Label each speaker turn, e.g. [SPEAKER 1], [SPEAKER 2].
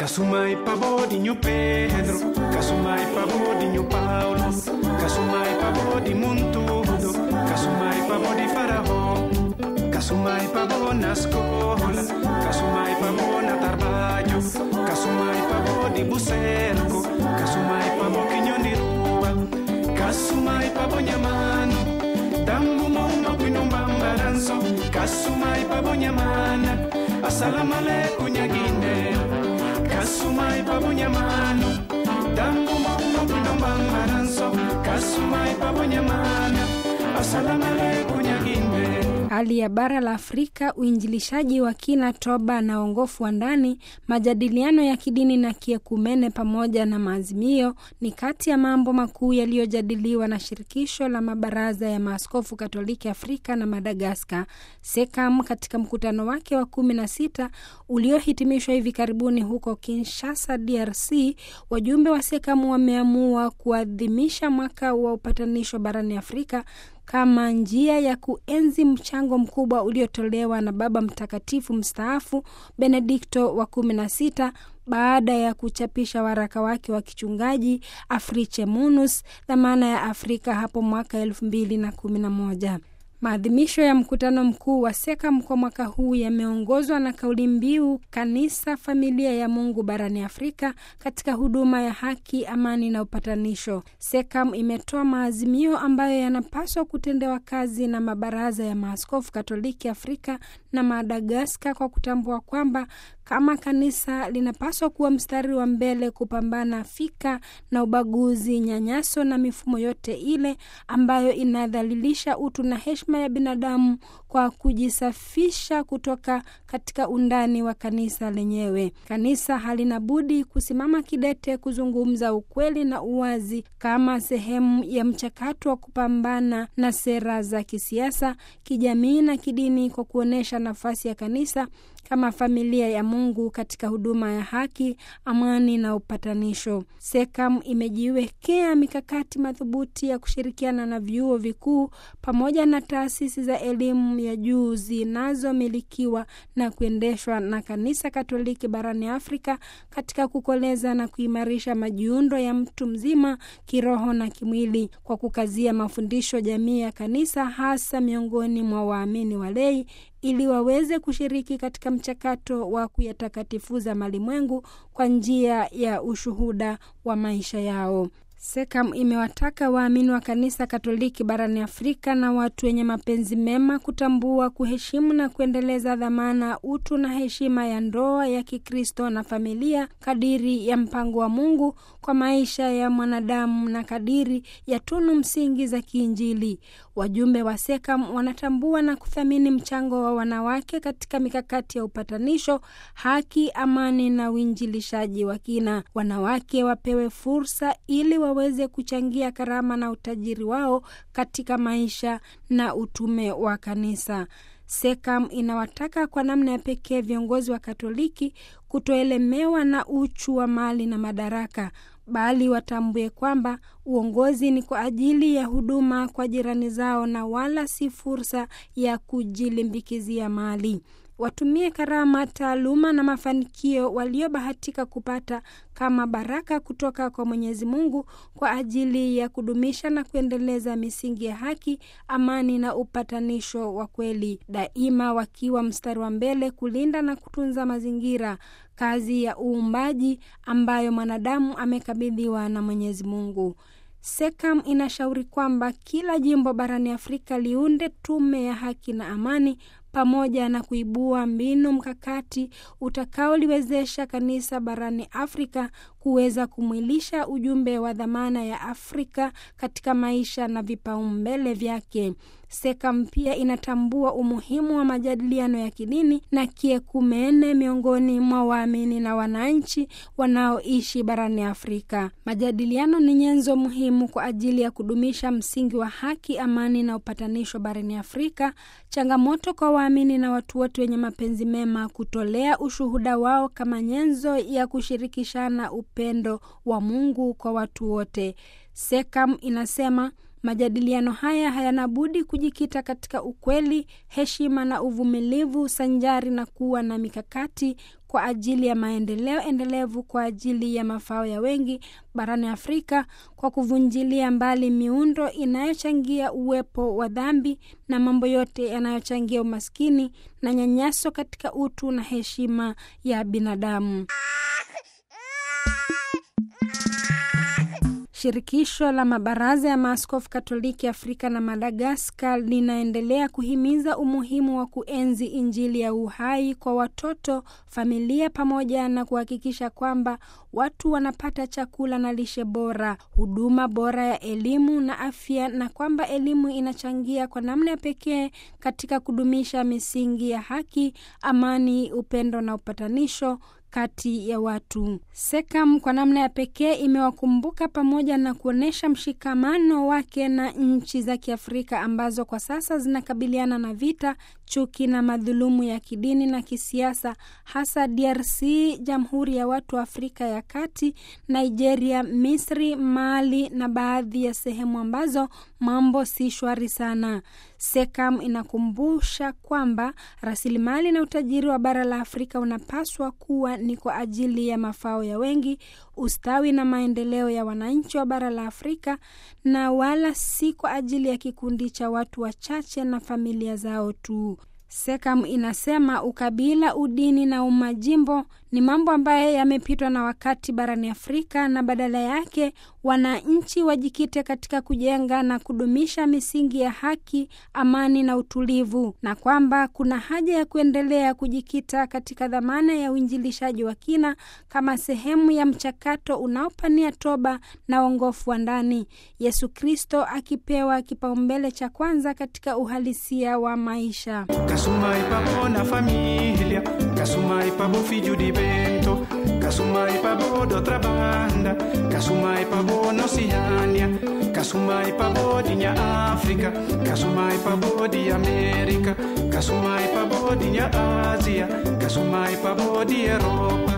[SPEAKER 1] Casumai pavodi Pedro, casumai pavodi new Paulo, casumai pavodi muntudo, casumai pavodi farao, casumai pavona scola, casumai pavona trabalho, casumai pavodi bucerco, casumai pavoquinho de rua, casumai pavonha mano, tambu mama pinombambaranso, casumai pavonha mana, assalamu alaikum guiné kasumai papunya mana dambu mamma pindambang mananso kasumai papunya mana assalamualaikum ya inbe
[SPEAKER 2] hali ya bara la Afrika, uinjilishaji wa kina, toba na uongofu wa ndani, majadiliano ya kidini na kiekumene, pamoja na maazimio ni kati ya mambo makuu yaliyojadiliwa na shirikisho la mabaraza ya maaskofu Katoliki Afrika na Madagaskar, SECAM, katika mkutano wake wa kumi na sita uliohitimishwa hivi karibuni huko Kinshasa, DRC. Wajumbe wa SECAM wameamua kuadhimisha mwaka wa upatanisho barani Afrika kama njia ya kuenzi mchango mkubwa uliotolewa na Baba Mtakatifu mstaafu Benedikto wa kumi na sita baada ya kuchapisha waraka wake wa kichungaji Afriche Munus, dhamana ya Afrika hapo mwaka elfu mbili na kumi na moja. Maadhimisho ya mkutano mkuu wa SEKAM kwa mwaka huu yameongozwa na kauli mbiu kanisa familia ya Mungu barani Afrika katika huduma ya haki, amani na upatanisho. SEKAM imetoa maazimio ambayo yanapaswa kutendewa kazi na mabaraza ya maaskofu Katoliki Afrika na Madagaskar kwa kutambua kwamba kama kanisa linapaswa kuwa mstari wa mbele kupambana fika na ubaguzi, nyanyaso na mifumo yote ile ambayo inadhalilisha utu na heshima ya binadamu kwa kujisafisha kutoka katika undani wa kanisa lenyewe. Kanisa halina budi kusimama kidete kuzungumza ukweli na uwazi kama sehemu ya mchakato wa kupambana na sera za kisiasa, kijamii na kidini, kwa kuonyesha nafasi ya kanisa kama familia ya Mungu katika huduma ya haki, amani na upatanisho. SECAM imejiwekea mikakati madhubuti ya kushirikiana na vyuo vikuu pamoja na taasisi za elimu ya juu zinazomilikiwa na kuendeshwa na Kanisa Katoliki barani Afrika katika kukoleza na kuimarisha majiundo ya mtu mzima kiroho na kimwili kwa kukazia mafundisho jamii ya kanisa hasa miongoni mwa waamini walei ili waweze kushiriki katika mchakato wa kuyatakatifuza malimwengu kwa njia ya ushuhuda wa maisha yao. SEKAM imewataka waamini wa kanisa Katoliki barani Afrika na watu wenye mapenzi mema kutambua, kuheshimu na kuendeleza dhamana, utu na heshima ya ndoa ya Kikristo na familia kadiri ya mpango wa Mungu kwa maisha ya mwanadamu na kadiri ya tunu msingi za kiinjili. Wajumbe wa SEKAM wanatambua na kuthamini mchango wa wanawake katika mikakati ya upatanisho, haki, amani na uinjilishaji wa kina. Wanawake wapewe fursa ili wa waweze kuchangia karama na utajiri wao katika maisha na utume wa kanisa. Sekam inawataka kwa namna ya pekee viongozi wa Katoliki kutoelemewa na uchu wa mali na madaraka, bali watambue kwamba uongozi ni kwa ajili ya huduma kwa jirani zao na wala si fursa ya kujilimbikizia mali watumie karama, taaluma na mafanikio waliobahatika kupata kama baraka kutoka kwa Mwenyezi Mungu kwa ajili ya kudumisha na kuendeleza misingi ya haki, amani na upatanisho wa kweli, daima wakiwa mstari wa mbele kulinda na kutunza mazingira, kazi ya uumbaji ambayo mwanadamu amekabidhiwa na Mwenyezi Mungu. Sekam inashauri kwamba kila jimbo barani Afrika liunde tume ya haki na amani pamoja na kuibua mbinu mkakati utakaoliwezesha kanisa barani Afrika kuweza kumwilisha ujumbe wa dhamana ya Afrika katika maisha na vipaumbele vyake. SEKAM pia inatambua umuhimu wa majadiliano ya kidini na kiekumene miongoni mwa waamini na wananchi wanaoishi barani Afrika. Majadiliano ni nyenzo muhimu kwa ajili ya kudumisha msingi wa haki, amani na upatanisho barani Afrika. Changamoto kwa waamini na watu wote wenye mapenzi mema kutolea ushuhuda wao kama nyenzo ya kushirikishana upendo wa Mungu kwa watu wote. Sekam inasema majadiliano haya hayana budi kujikita katika ukweli, heshima na uvumilivu, sanjari na kuwa na mikakati kwa ajili ya maendeleo endelevu kwa ajili ya mafao ya wengi barani Afrika kwa kuvunjilia mbali miundo inayochangia uwepo wa dhambi na mambo yote yanayochangia umaskini na nyanyaso katika utu na heshima ya binadamu. Shirikisho la mabaraza ya maaskofu Katoliki Afrika na Madagaskar linaendelea kuhimiza umuhimu wa kuenzi Injili ya uhai kwa watoto, familia, pamoja na kuhakikisha kwamba watu wanapata chakula na lishe bora, huduma bora ya elimu na afya, na kwamba elimu inachangia kwa namna ya pekee katika kudumisha misingi ya haki, amani, upendo na upatanisho kati ya watu. Sekam kwa namna ya pekee imewakumbuka pamoja na kuonyesha mshikamano wake na nchi za Kiafrika ambazo kwa sasa zinakabiliana na vita, chuki na madhulumu ya kidini na kisiasa, hasa DRC, Jamhuri ya Watu wa Afrika ya Kati, Nigeria, Misri, Mali na baadhi ya sehemu ambazo mambo si shwari sana. Sekam inakumbusha kwamba rasilimali na utajiri wa bara la Afrika unapaswa kuwa ni kwa ajili ya mafao ya wengi, ustawi na maendeleo ya wananchi wa bara la Afrika, na wala si kwa ajili ya kikundi cha watu wachache na familia zao tu. Sekam inasema ukabila, udini na umajimbo ni mambo ambayo yamepitwa na wakati barani Afrika na badala yake wananchi wajikite katika kujenga na kudumisha misingi ya haki, amani na utulivu, na kwamba kuna haja ya kuendelea kujikita katika dhamana ya uinjilishaji wa kina kama sehemu ya mchakato unaopania toba na uongofu wa ndani, Yesu Kristo akipewa kipaumbele cha kwanza katika uhalisia wa maisha.
[SPEAKER 1] Kasuma, familia Casumai pabo filho di vento Casumai pa bo outra banda Casumai pabo na sianya, Casumai pabo di minha África Casumai bo di América Casumai pabo di minha Ásia Casumai bo di Europa